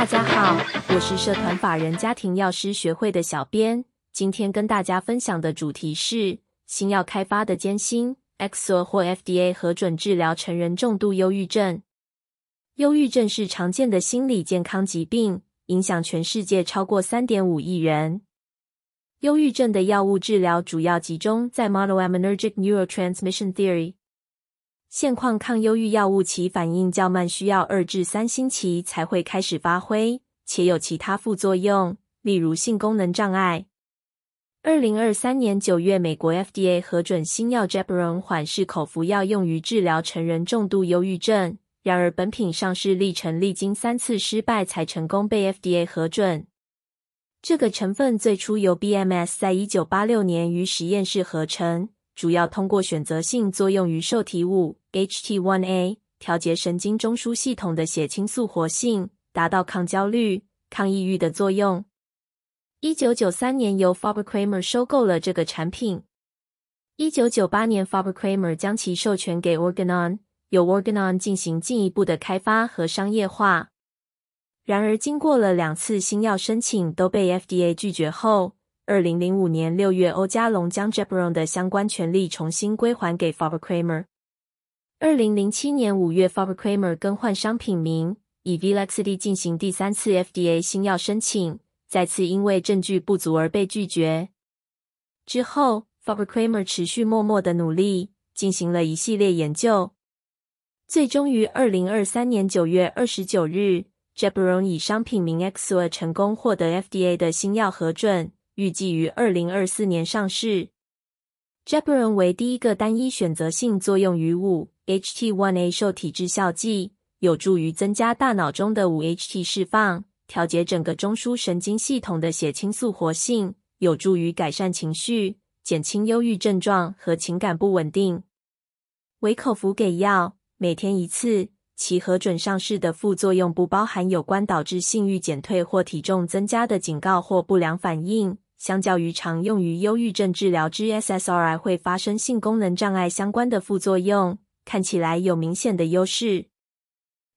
大家好，我是社團法人家庭藥師學會的小編。今天跟大家分享的主題是新藥開發的艱辛。EXXUA 獲 FDA 核准治療成人重度憂鬱症。憂鬱症是常見的心理健康疾病，影響全世界超過三點五億人。憂鬱症的藥物治療主要集中在 monoaminergic neurotransmission theory。現況抗憂鬱藥物其反應較慢，需要二至三星期才會開始發揮，且有其他副作用，例如性功能障礙。二零二三年九月，美國 FDA 核准新藥 Gepirone 緩釋口服藥用於治療成人重度憂鬱症。然而，本品上市歷程歷經三次失敗才成功被 FDA 核准。這個成分最初由 BMS 在一九八六年於實驗室合成。主要通過選擇性作用於受體 5-HT1A，調節神經中樞系統的血清素活性，達到抗焦慮、抗抑鬱的作用。一九九三年，由 Fabre Kramer 收購了這個產品。一九九八年 Fabre Kramer 將其授權給 Organon，由 Organon 進行進一步的開發和商業化。然而，經過了兩次新藥申請都被 FDA 拒絕後。二零零五年六月，歐加龍將 Gepirone 的相關權利重新歸還給 Fabre-Kramer。二零零七年五月，Fabre-Kramer 更換商品名，以 Vilaxy 進行第三次 FDA 新藥申請，再次因為證據不足而被拒絕。之後，Fabre-Kramer 持續默默的努力，進行了一系列研究，最終於二零二三年九月二十九日，Gepirone 以商品名 EXXUA 成功獲得 FDA 的新藥核准。預計於二零二四年上市。Gepirone 為第一個單一選擇性作用於五 HT1A 受體致效劑，有助於增加大腦中的五 HT 釋放，調節整個中樞神經系統的血清素活性，有助於改善情緒，減輕憂鬱症狀和情感不穩定。為口服給藥，每天一次。其核准上市的副作用不包含有關導致性慾減退或體重增加的警告或不良反應。相較於常用於憂鬱症治療之 SSRI 會發生性功能障礙相關的副作用，看起來有明顯的優勢。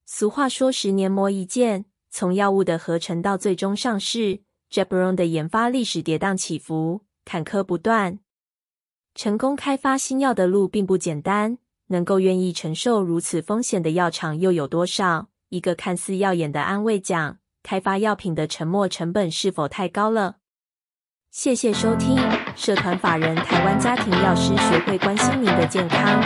俗話說“十年磨一劍”，從藥物的合成到最終上市，Gepirone 的研發歷史跌宕起伏，坎坷不斷。成功開發新藥的路並不簡單，能夠願意承受如此風險的藥廠又有多少？一個看似耀眼的安慰獎，開發藥品的沉沒成本是否太高了？謝謝收聽，社團法人台灣家庭藥師學會關心您的健康。